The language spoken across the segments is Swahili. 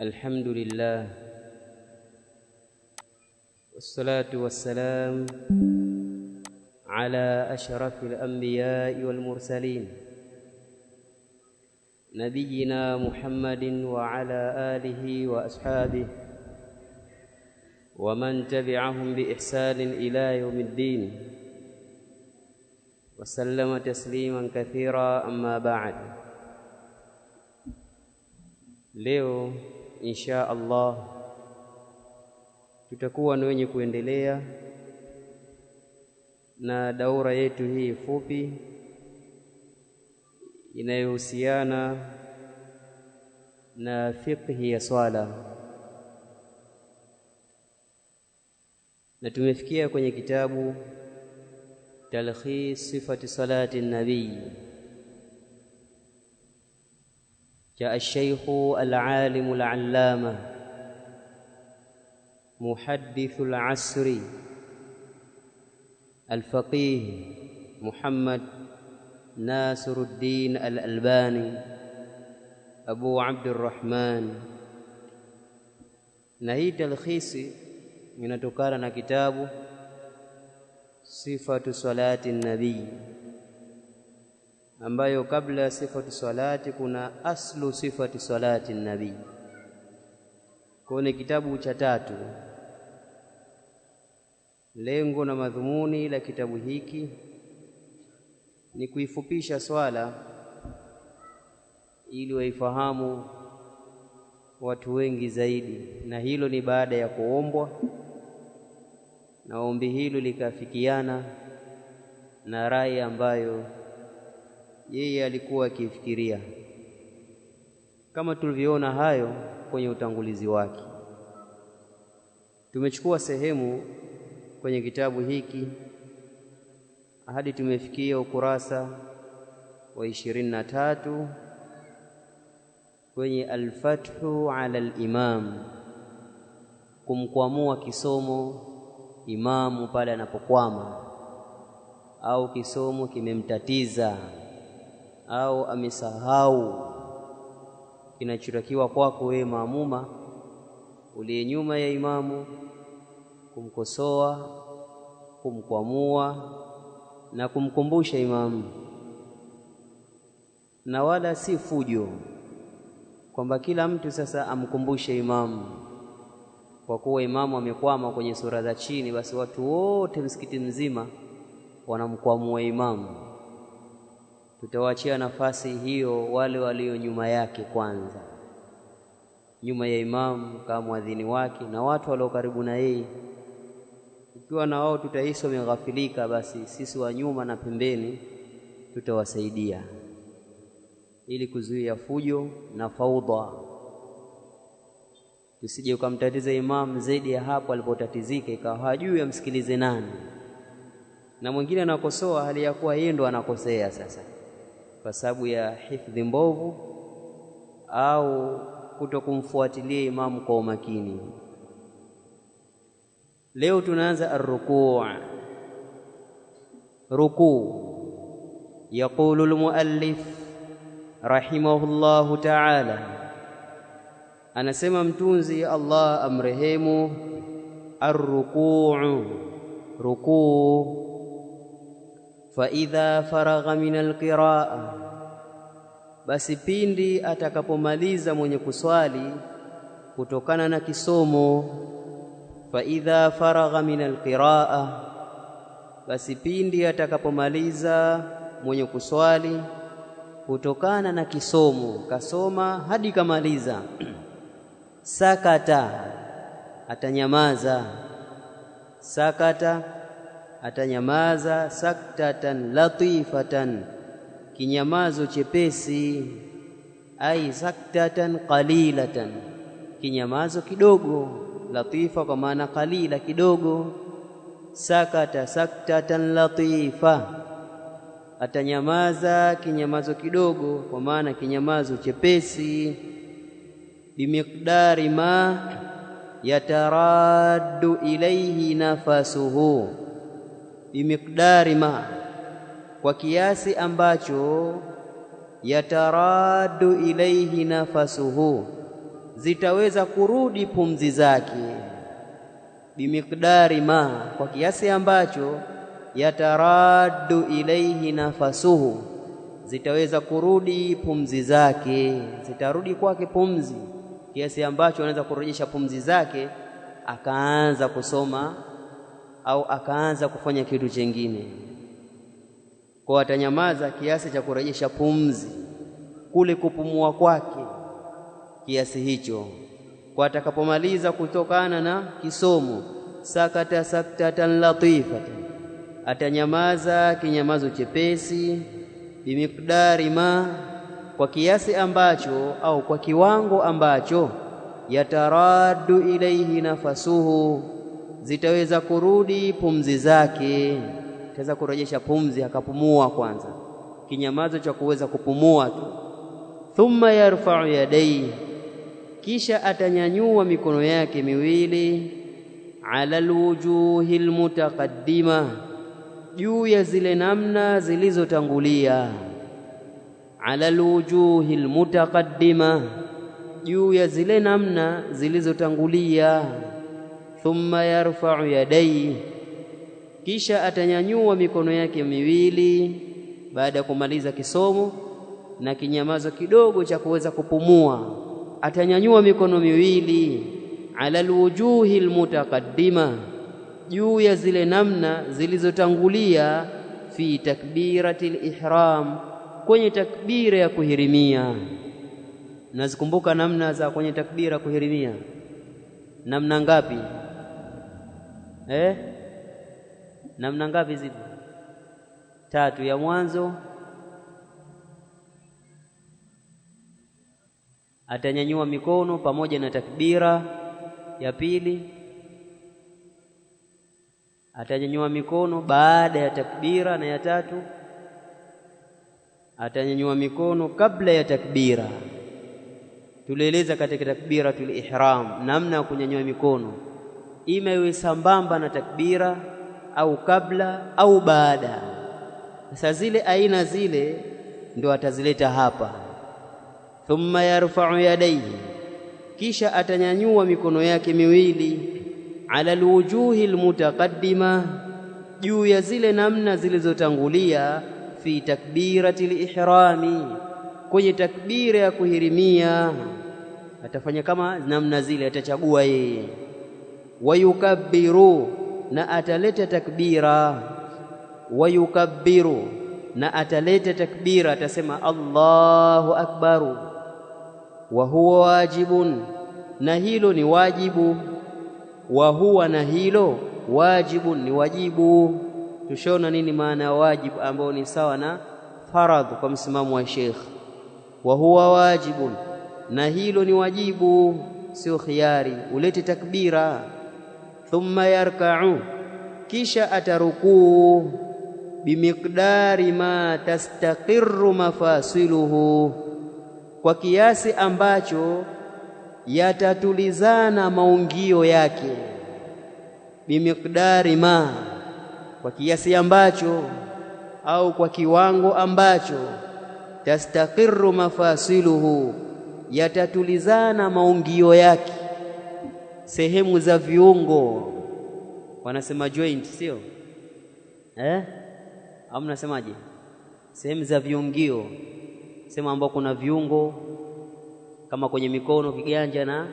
الحمد لله والصلاة والسلام على أشرف الأنبياء والمرسلين نبينا محمد وعلى آله وأصحابه ومن تبعهم بإحسان إلى يوم الدين وسلم تسليما كثيرا أما بعد Leo insha Allah tutakuwa ni wenye kuendelea na daura yetu hii fupi inayohusiana na fiqh ya swala, na tumefikia kwenye kitabu talhi sifati salati nabii جاء الشيخ العالم العلامة محدث العسر الفقيه محمد ناصر الدين الألباني أبو عبد الرحمن نهي تلخيص من inatokana كتابه صفة صلاة النبي ambayo kabla ya sifati salati kuna aslu sifati salati nabii. Kwa ni kitabu cha tatu. Lengo na madhumuni la kitabu hiki ni kuifupisha swala ili waifahamu watu wengi zaidi, na hilo ni baada ya kuombwa na ombi hilo likafikiana na rai ambayo yeye alikuwa akifikiria, kama tulivyoona hayo kwenye utangulizi wake. Tumechukua sehemu kwenye kitabu hiki hadi tumefikia ukurasa wa ishirini na tatu kwenye Alfathu ala al-imam kumkwamua kisomo imamu pale anapokwama au kisomo kimemtatiza au amesahau kinachotakiwa kwako wewe maamuma uliye nyuma ya imamu, kumkosoa, kumkwamua na kumkumbusha imamu, na wala si fujo kwamba kila mtu sasa amkumbushe imamu kwa kuwa imamu amekwama kwenye sura za chini, basi watu wote msikiti mzima wanamkwamua imamu tutawachia nafasi hiyo wale walio nyuma yake kwanza, nyuma ya imamu kama mwadhini wake na watu walio karibu na yeye. Ikiwa na wao tutahisi wameghafilika, basi sisi wa nyuma na pembeni tutawasaidia ili kuzuia fujo na faudha, usije ukamtatiza imamu zaidi ya hapo alipotatizika, ikawa hajui amsikilize nani, na mwingine anakosoa hali ya kuwa yeye ndo anakosea sasa kwa sababu ya hifdhi mbovu au kutokumfuatilia imam kwa umakini. Leo tunaanza arrukua ruku يقول المؤلف رحمه الله تعالى انا anasema mtunzi الله amrehemu, الركوع ركوع فاذا فرغ من القراءه Basi pindi atakapomaliza mwenye kuswali kutokana na kisomo, fa idha faragha min alqiraa, basi pindi atakapomaliza mwenye kuswali kutokana na kisomo, kasoma hadi kamaliza, sakata, atanyamaza. Sakata, atanyamaza saktatan latifatan kinyamazo chepesi, ai saktatan qalilatan, kinyamazo kidogo. Latifa kwa maana qalila, kidogo. Sakata saktatan latifa, atanyamaza kinyamazo kidogo, kwa maana kinyamazo chepesi. Bimiqdari ma yataraddu ilayhi nafasuhu, bimiqdari ma kwa kiasi ambacho yataradu ilaihi nafasuhu, zitaweza kurudi pumzi zake. Bimiqdari ma, kwa kiasi ambacho yataradu ilaihi nafasuhu, zitaweza kurudi pumzi zake, zitarudi kwake pumzi kiasi ambacho anaweza kurejesha pumzi zake, akaanza kusoma au akaanza kufanya kitu chengine kwa watanyamaza kiasi cha kurejesha pumzi kule kupumua kwake kiasi hicho, kwa atakapomaliza kutokana na kisomo sakata saktatan latifatan, atanyamaza kinyamazo chepesi bimikdari ma, kwa kiasi ambacho au kwa kiwango ambacho yataradu ilaihi nafasuhu, zitaweza kurudi pumzi zake ataweza kurejesha pumzi akapumua kwanza, kinyamazo cha kuweza kupumua tu. Thumma yarfa'u yadayhi, kisha atanyanyua mikono yake miwili, ala alwujuhi almutaqaddima, juu ya zile namna zilizotangulia. Ala alwujuhi almutaqaddima, juu ya zile namna zilizotangulia. Thumma yarfa'u yadayhi kisha atanyanyua mikono yake miwili baada ya kumaliza kisomo na kinyamazo kidogo cha kuweza kupumua, atanyanyua mikono miwili ala alwujuhi almutaqaddima, juu ya zile namna zilizotangulia, fi takbiratil lihram, kwenye takbira ya kuhirimia. Nazikumbuka namna za kwenye takbira ya kuhirimia, namna ngapi eh? namna ngapi zipo? Tatu. Ya mwanzo atanyanyua mikono pamoja na takbira. Ya pili atanyanyua mikono baada ya takbira, na ya tatu atanyanyua mikono kabla ya takbira. Tulieleza katika takbiratul ihram namna ya kunyanyua mikono, ima iwe sambamba na takbira au kabla au baada. Sasa zile aina zile ndio atazileta hapa. Thumma yarfa'u yadayhi, kisha atanyanyua mikono yake miwili, ala alwujuhi almutaqaddima, juu ya zile namna zilizotangulia, fi takbirati lihrami, kwenye takbira ya kuhirimia atafanya kama namna zile, atachagua yeye wayukabbiru na ataleta takbira, yukabbiru na ataleta takbira, atasema Allahu akbaru. Wa huwa wajibun, na hilo ni wajibu. Wa huwa na hilo wajibun, ni wajibu. Tushaona nini maana ya wajibu, ambao ni sawa na faradhu kwa msimamo wa Sheikh. Wa huwa wajibun, na hilo ni wajibu, sio khiari. Ulete takbira thumma yarka'u, kisha atarukuu bimiqdari ma tastaqirru mafasiluhu, kwa kiasi ambacho yatatulizana maungio yake. Bimiqdari ma, kwa kiasi ambacho au kwa kiwango ambacho tastaqirru mafasiluhu, yatatulizana maungio yake sehemu za viungo wanasema joint, sio eh? Au mnasemaje? Sehemu za viungio, sema ambao kuna viungo kama kwenye mikono, kiganja na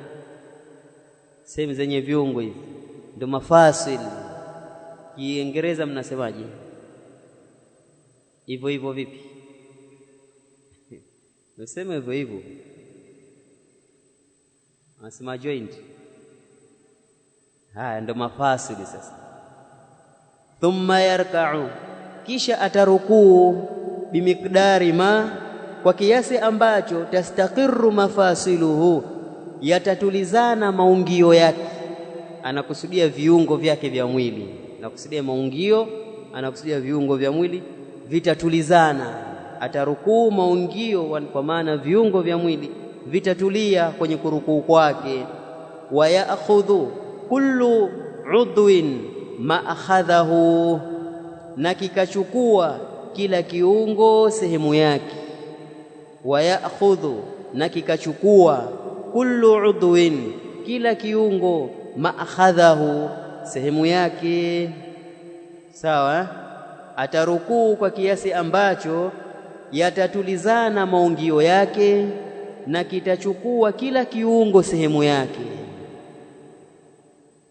sehemu zenye viungo hivi, ndio mafasil Kiingereza mnasemaje? Hivyo hivyo vipi? Nasema hivyo hivyo, nasema joint Haya ndo mafasili sasa. Thumma yarkau, kisha atarukuu bimikdari ma, kwa kiasi ambacho tastakiru mafasiluhu, yatatulizana maungio yake. Anakusudia viungo vyake vya mwili, anakusudia maungio, anakusudia viungo vya mwili vitatulizana. Atarukuu maungio, kwa maana viungo vya mwili vitatulia kwenye kurukuu kwake. Wayakhudhu kullu udwin maakhadhahu, na kikachukua kila kiungo sehemu yake. Wa na kikachukua kullu udwin, kila kiungo maakhadhahu, sehemu yake. Sawa, eh? atarukuu kwa kiasi ambacho yatatulizana maungio yake na kitachukua kila kiungo sehemu yake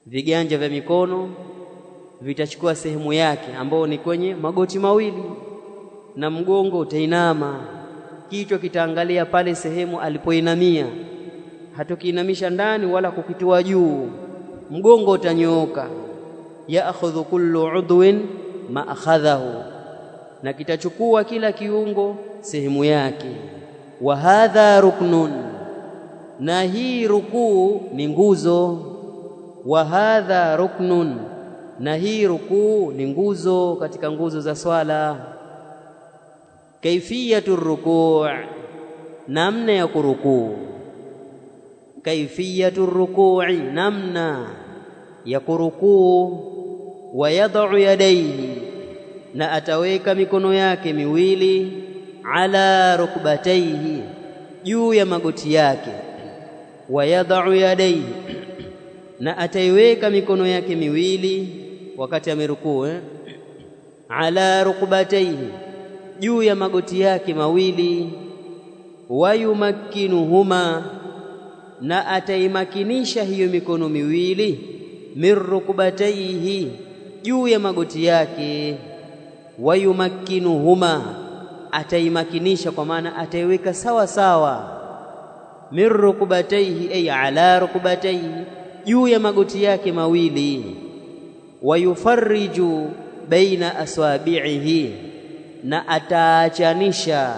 viganja vya mikono vitachukua sehemu yake ambayo ni kwenye magoti mawili, na mgongo utainama, kichwa kitaangalia pale sehemu alipoinamia. Hatukiinamisha ndani wala kukitua juu, mgongo utanyooka. Yaakhudhu kullu udwin ma akhadhahu, na kitachukua kila kiungo sehemu yake. Wa hadha ruknun, na hii rukuu ni nguzo wa hadha ruknun, na hii rukuu ni nguzo katika nguzo za swala. Kaifiyatu rukuu, namna ya kurukuu. Kaifiyatu ruku'i, namna ya kurukuu. Wa yadau yadaihi, na ataweka mikono yake miwili ala rukbataihi, juu ya magoti yake. Wa yadau yadaihi na ataiweka mikono yake miwili wakati amerukuu eh? ala rukbataihi, juu ya magoti yake mawili, wayumakkinuhuma, na ataimakinisha hiyo mikono miwili, min juu ya magoti yake, wayumakkinuhuma, ataimakinisha kwa maana ataiweka sawa sawa, min ay ala rukbataihi juu ya magoti yake mawili, wayufariju baina aswabihi, na ataachanisha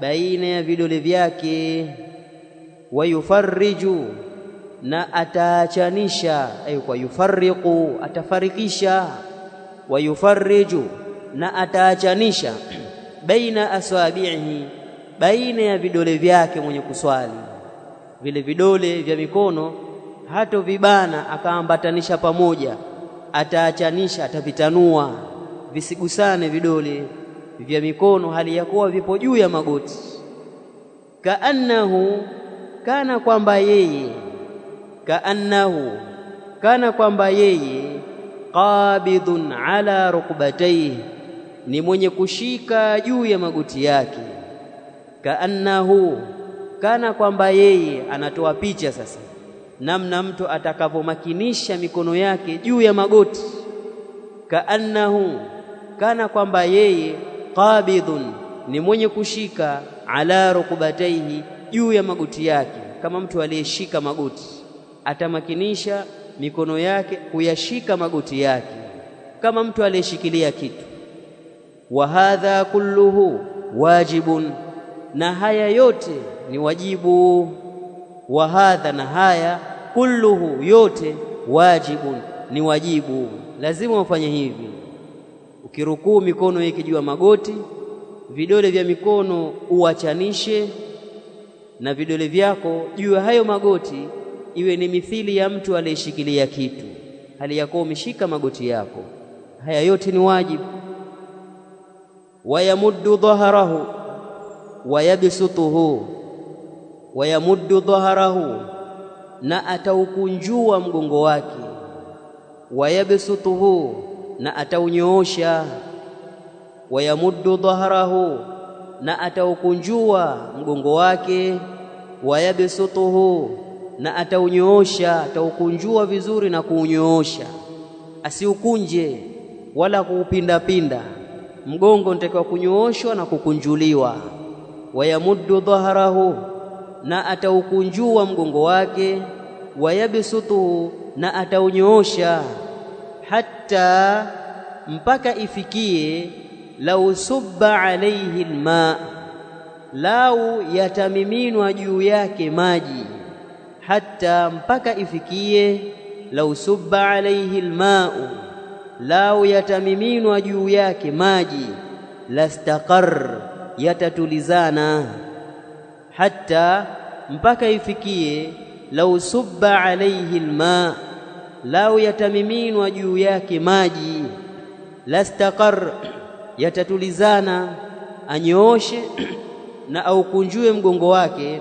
baina ya vidole vyake. wayufariju na ataachanisha ay, kwa yufariqu atafarikisha. wayufariju na ataachanisha baina aswabihi, baina ya vidole vyake mwenye kuswali, vile vidole vya mikono hato vibana, akaambatanisha pamoja, ataachanisha, atavitanua, visigusane vidole vya mikono, hali ya kuwa vipo juu ya magoti. Kaannahu, kana kwamba yeye, kaannahu, kana kwamba yeye qabidun ala rukbatayhi, ni mwenye kushika juu ya magoti yake. Kaannahu, kana kwamba yeye anatoa picha sasa namna mtu atakavomakinisha mikono yake juu ya magoti, kaannahu, kana kwamba yeye qabidhun, ni mwenye kushika, ala rukbataihi juu ya magoti yake, kama mtu aliyeshika magoti, atamakinisha mikono yake kuyashika magoti yake, kama mtu aliyeshikilia kitu. Wa hadha kulluhu wajibun, na haya yote ni wajibu. Wa hadha, na haya kulluhu, yote wajibun, ni wajibu, lazima ufanye hivi. Ukirukuu mikono yake juu ya magoti, vidole vya mikono uachanishe na vidole vyako juu ya hayo magoti, iwe ni mithili ya mtu aliyeshikilia kitu, hali yako umeshika magoti yako. Haya yote ni wajibu. Wayamuddu dhaharahu wayabsutuhu, wayamuddu dhaharahu na ataukunjua mgongo wake, wayabsutuhu, na ataunyoosha, wayamuddu dhahrahu, na ataukunjua mgongo wake, wayabsutuhu, na ataunyoosha, ataukunjua vizuri na kuunyoosha, asiukunje wala kuupindapinda. Mgongo nitakiwa kunyooshwa na kukunjuliwa. Wayamuddu dhahrahu na ataukunjua mgongo wake, wayabsutuhu, na ataunyoosha, hatta mpaka ifikie, lau subba alaihi lmaa, lau yatamiminwa juu yake maji, hatta mpaka ifikie, lau subba alaihi lmaa, lau yatamiminwa juu yake maji, lastaqar yatatulizana hatta mpaka ifikie lau subba alayhi alma lau yatamiminwa juu yake maji, lastaqar, yatatulizana anyooshe na aukunjue mgongo wake,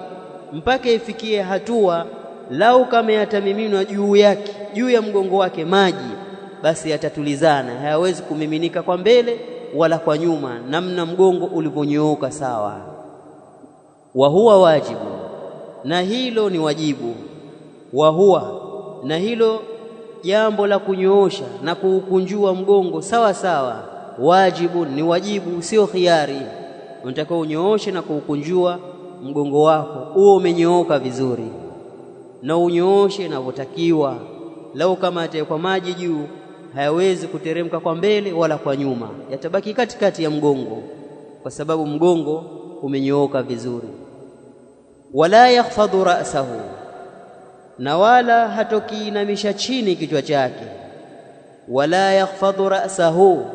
mpaka ifikie hatua lau kama yatamiminwa juu yake juu ya mgongo wake maji, basi yatatulizana, hayawezi kumiminika kwa mbele wala kwa nyuma, namna mgongo ulivyonyooka sawa wa huwa wajibu, na hilo ni wajibu. Wa huwa, na hilo jambo la kunyoosha na kuukunjua mgongo sawa sawa, wajibu ni wajibu, sio khiari. Unatakiwa unyooshe na kukunjua mgongo wako uo umenyooka vizuri, na unyooshe inavyotakiwa. Lau kama kwa maji juu, hayawezi kuteremka kwa mbele wala kwa nyuma, yatabaki katikati ya mgongo, kwa sababu mgongo umenyooka vizuri wala yakhfadhu ra'sahu, na wala hatokiinamisha chini kichwa chake. Wala yakhfadhu ra'sahu,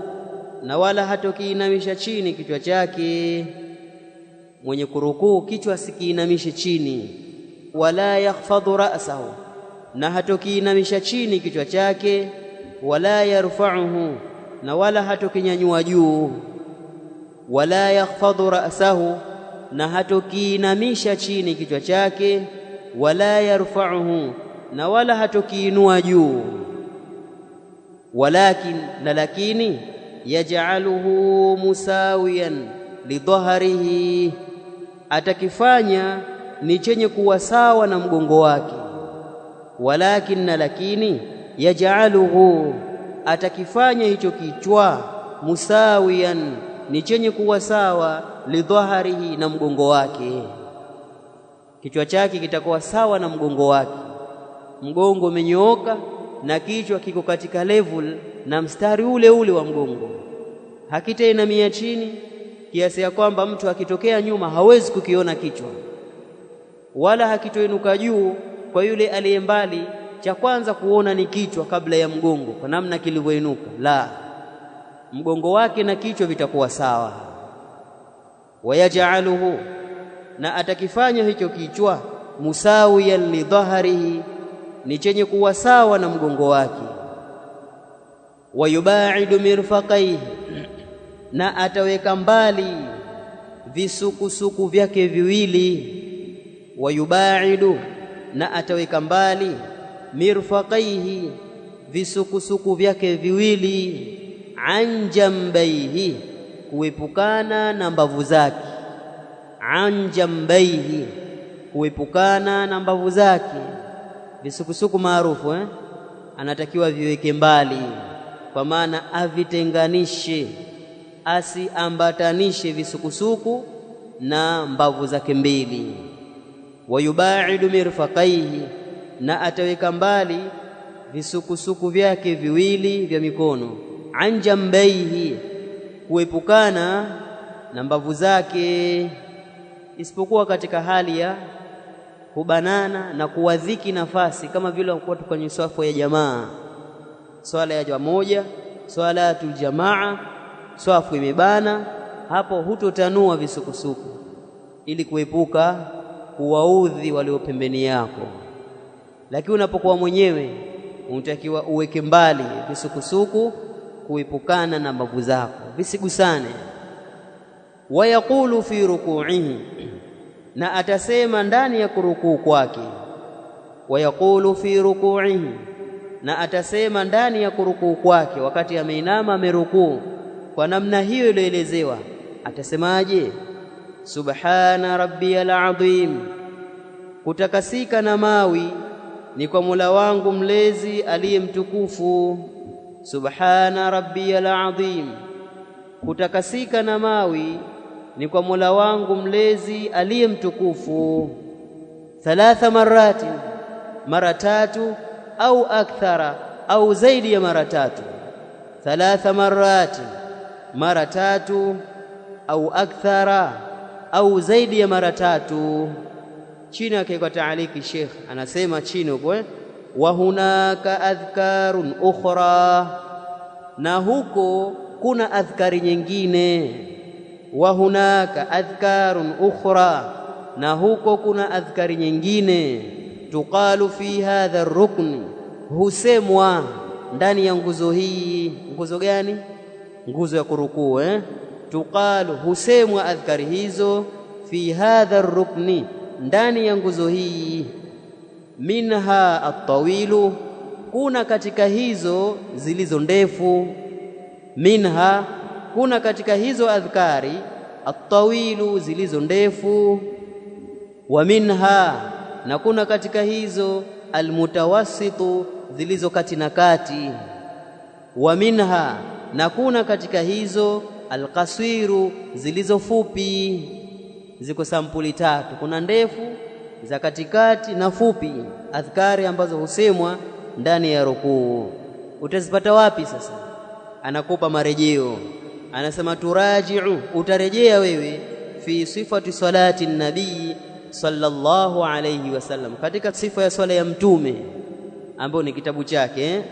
na wala hatokiinamisha chini kichwa chake. Mwenye kurukuu kichwa sikiinamishe chini. Wala yakhfadhu ra'sahu, na hatokiinamisha chini kichwa chake. Wala yarfa'uhu, na wala hatokinyanyua juu. Wala yakhfadhu ra'sahu na hatokiinamisha chini kichwa chake, wala yarfa'uhu, na wala hatokiinua juu, walakin, na lakini, yaj'aluhu musawiyan lidhahrihi, atakifanya ni chenye kuwa sawa na mgongo wake. Walakin, na lakini, yaj'aluhu, atakifanya hicho kichwa musawiyan ni chenye kuwa sawa lidhaharihi, na mgongo wake, kichwa chake kitakuwa sawa na mgongo wake. Mgongo umenyooka na kichwa kiko katika level na mstari ule ule wa mgongo, hakitainamia chini kiasi ya kwamba mtu akitokea nyuma hawezi kukiona kichwa, wala hakitoinuka juu kwa yule aliye mbali. Cha kwanza kuona ni kichwa kabla ya mgongo, kwa namna kilivyoinuka la mgongo wake na kichwa vitakuwa sawa. Wayajaluhu, na atakifanya hicho kichwa musawiyan dhahrihi ni chenye kuwa sawa na mgongo wake. Wayubaidu mirfaqaihi, na ataweka mbali visukusuku vyake viwili. Wayubaidu, na ataweka mbali mirfaqaihi, visukusuku vyake viwili an jambaihi, kuepukana na mbavu zake. An jambaihi, kuepukana na mbavu zake. Visukusuku maarufu eh? Anatakiwa viweke mbali, kwa maana avitenganishe, asiambatanishe visukusuku na mbavu zake mbili. Wayubaidu mirfaqaihi, na ataweka mbali visukusuku vyake viwili vya mikono an jambaihi, kuepukana na mbavu zake, isipokuwa katika hali ya kubanana na kuwadhiki nafasi, kama vile alikuwa tukwenye swafu ya jamaa, swala ya swala ya jamaa, swafu imebana hapo, hutotanua visukusuku ili kuepuka kuwaudhi walio pembeni yako. Lakini unapokuwa mwenyewe, unatakiwa uweke mbali visukusuku kuepukana na mbavu zako visigusane. Wayaqulu fi rukuihi, na atasema ndani ya kurukuu kwake. Wayaqulu fi rukuihi, na atasema ndani ya kurukuu kwake, wakati ameinama amerukuu kwa namna hiyo iloelezewa atasemaje? Subhana rabbiyal azim kutakasika na mawi ni kwa mula wangu mlezi aliye mtukufu subhana rabbiyal azim, kutakasika na mawi ni kwa Mola wangu mlezi aliye mtukufu. Thalatha marati, mara tatu au akthara au zaidi ya mara tatu. Thalatha marati, mara tatu au akthara au zaidi ya mara tatu. Chini yake kwa taaliki, Sheikh anasema chini huko eh wa hunaka adhkarun ukhra, na huko kuna adhkari nyingine. Wa hunaka adhkarun ukhra, na huko kuna adhkari nyingine. Tuqalu fi hadha rukni, husemwa ndani ya nguzo hii. Nguzo gani? Nguzo ya kurukuu eh? Tuqalu, husemwa adhkari hizo fi hadha ar-rukn ndani ya nguzo hii minha atawilu, kuna katika hizo zilizo ndefu. Minha, kuna katika hizo adhkari atawilu, zilizo ndefu. Wa minha, na kuna katika hizo almutawassitu, zilizo kati na kati. Wa minha, na kuna katika hizo alqaswiru, zilizo fupi. Ziko sampuli tatu, kuna ndefu za katikati na fupi, adhkari ambazo husemwa ndani ya rukuu. Utazipata wapi sasa? Anakupa marejeo, anasema turaji'u, utarejea wewe fi sifati salati nabii sallallahu alayhi wasallam, katika sifa ya swala ya Mtume ambayo ni kitabu chake. Eh?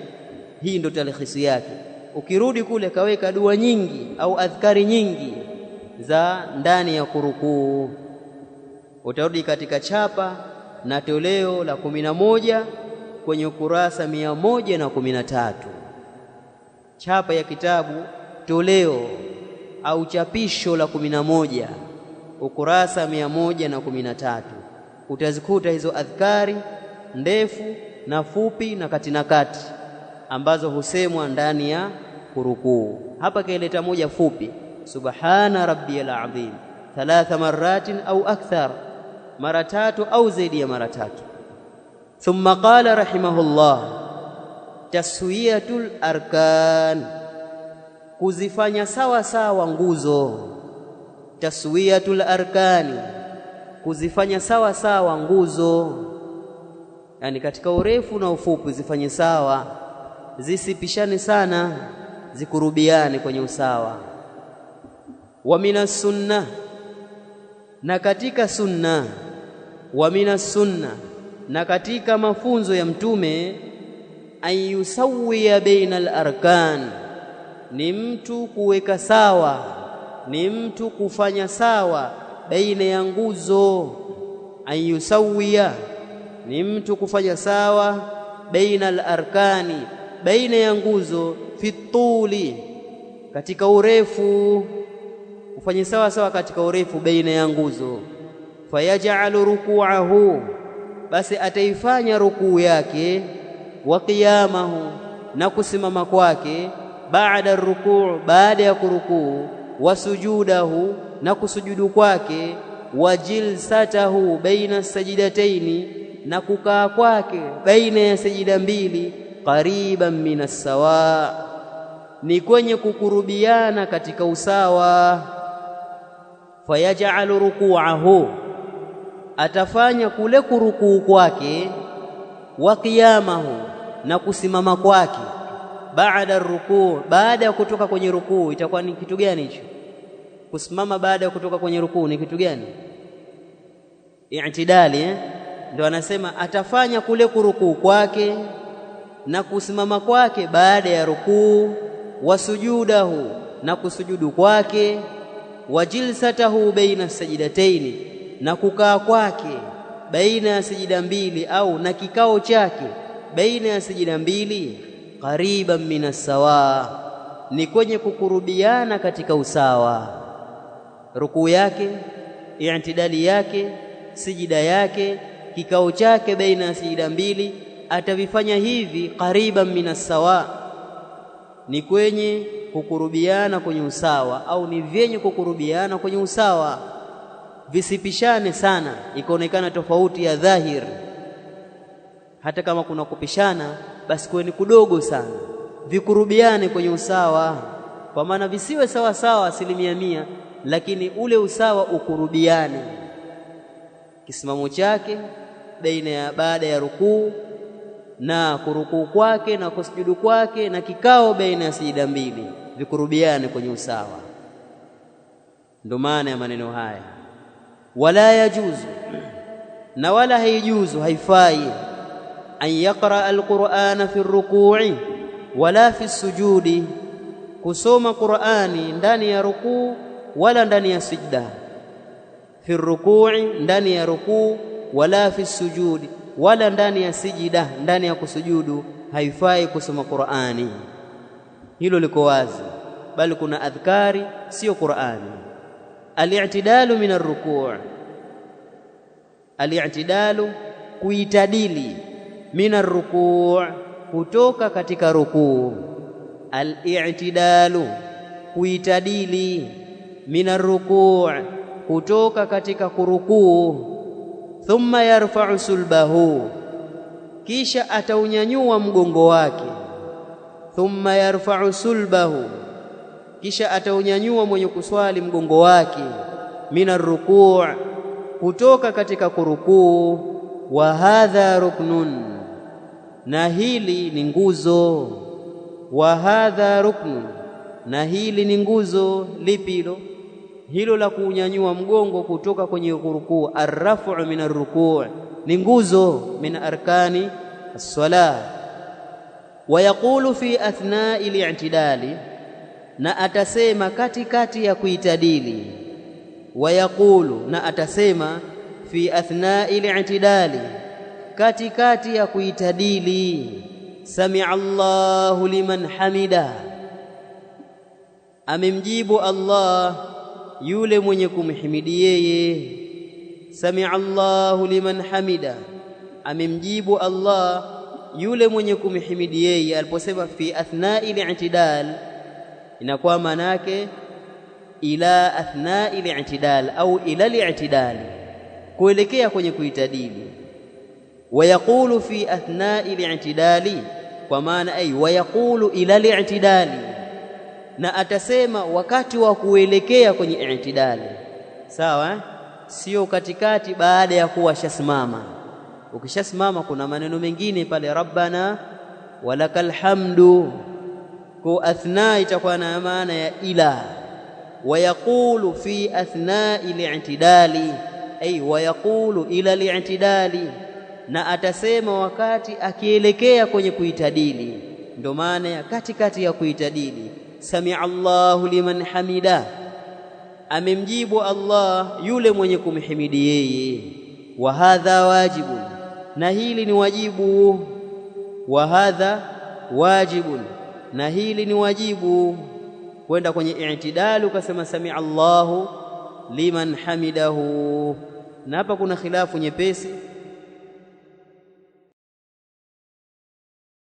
Hii ndio talikhisi yake. Ukirudi kule kaweka dua nyingi au adhkari nyingi za ndani ya kurukuu utarudi katika chapa na toleo la kumi na moja kwenye ukurasa mia moja na kumi na tatu. Chapa ya kitabu toleo au chapisho la kumi na moja ukurasa mia moja na kumi na tatu utazikuta hizo adhkari ndefu na fupi na kati na kati ambazo husemwa ndani ya kurukuu. Hapa kaileta moja fupi, subhana rabbiyal adhim thalatha maratin au akthar mara tatu au zaidi ya mara tatu. Thumma qala rahimahullah, taswiyatul arkan, kuzifanya sawa sawa nguzo. Taswiyatul arkani, kuzifanya sawa sawa nguzo, yani katika urefu na ufupi zifanye sawa, zisipishane sana, zikurubiane kwenye usawa. Wa minas sunnah na katika sunna wa mina sunna, na katika mafunzo ya Mtume anyusawiya baina al-arkan, ni mtu kuweka sawa, ni mtu kufanya sawa baina ya nguzo. Anyusawiya ni mtu kufanya sawa baina al-arkani, baina ya nguzo, fituli katika urefu, kufanya sawa sawa katika urefu baina ya nguzo fayaj'alu ruku'ahu, basi ataifanya rukuu yake, wa qiyamahu, na kusimama kwake, baada rukuu, baada ya kurukuu, wa sujudahu, na kusujudu kwake, wa jilsatahu baina sajidataini, na kukaa kwake baina ya sajida mbili, qariban min assawa, ni kwenye kukurubiana katika usawa. Fayaj'alu ruku'ahu atafanya kule kurukuu kwake wa qiyamahu na kusimama kwake baada rukuu, baada ya kutoka kwenye rukuu itakuwa ni kitu gani hicho? Kusimama baada ya kutoka kwenye rukuu ni kitu gani? I'tidali eh? Ndio anasema atafanya kule kurukuu kwake na kusimama kwake baada ya rukuu, wasujudahu na kusujudu kwake, wajilsatahu baina sajidataini na kukaa kwake baina ya sijida mbili au na kikao chake baina ya sijida mbili, qariban minas sawa, ni kwenye kukurubiana katika usawa. Rukuu yake, i'tidali yake, sijida yake, kikao chake baina ya sijida mbili, atavifanya hivi qariban minas sawa, ni kwenye kukurubiana kwenye usawa, au ni vyenye kukurubiana kwenye usawa visipishane sana, ikaonekana tofauti ya dhahiri. Hata kama kuna kupishana, basi ni kudogo sana, vikurubiane kwenye usawa, kwa maana visiwe sawa sawa asilimia mia, lakini ule usawa ukurubiane, kisimamo chake baina ya baada ya rukuu na kurukuu kwake na kusujudu kwake na kikao baina ya sijida mbili vikurubiane kwenye usawa. Ndo maana ya maneno haya wala yajuzu na wala haijuzu haifai an yaqra alqur'ana fi ruku'i wala fi sujudi kusoma qur'ani ndani ya rukuu wala ndani ya sijda fi ruku'i ndani ya rukuu wala fi sujudi wala ndani ya sijida ndani ya kusujudu haifai kusoma qur'ani hilo liko wazi bali kuna adhkari sio qur'ani al-i'tidalu min ar-ruku' al-i'tidalu kuitadili min ar-ruku' kutoka katika rukuu al-i'tidalu kuitadili min ar-ruku' kutoka katika kurukuu thumma yarfa'u sulbahu kisha ataunyanyua mgongo wake thumma yarfa'u sulbahu kisha ataunyanyua mwenye kuswali mgongo wake mina rukuu kutoka katika kurukuu wa hadha ruknun na hili ni nguzo wa hadha ruknun na hili ni nguzo lipi hilo hilo la kunyanyua mgongo kutoka kwenye kurukuu arrafu min arrukuu ni nguzo min arkani as-sala wa yaqulu fi athnai al-i'tidali na atasema katikati ya kuitadili, wayaqulu, na atasema fi athnai litidali, katikati ya kuitadili, samia Allahu liman hamida, amemjibu Allah yule mwenye kumhimidi yeye. Samia Allahu liman hamida, amemjibu Allah yule mwenye kumhimidi yeye, aliposema fi athnai litidal inakuwa maana yake ila athnai li'tidal au ila li'tidal, kuelekea kwenye kuitadili. Wayaqulu fi athnai li'tidali, kwa maana ay wayaqulu ila li'tidali, na atasema wakati wa kuelekea kwenye i'tidali. Sawa, sio katikati baada ya kuwa shasimama. Ukishasimama kuna maneno mengine pale, rabbana walakal hamdu ko athna itakuwa na maana ya ila. Wayaqulu fi athnai li'tidali, ay wayaqulu ila li'tidali, na atasema wakati akielekea kwenye kuitadili. Ndio maana ya katikati ya kuitadili, samia Allahu liman hamida, amemjibu Allah yule mwenye kumhimidi yeye. Wa hadha wajibun, na hili ni wajibu. Wa hadha wajibun na hili ni wajibu kwenda kwenye i'tidali, ukasema samia Allahu liman hamidahu. Na hapa kuna khilafu nyepesi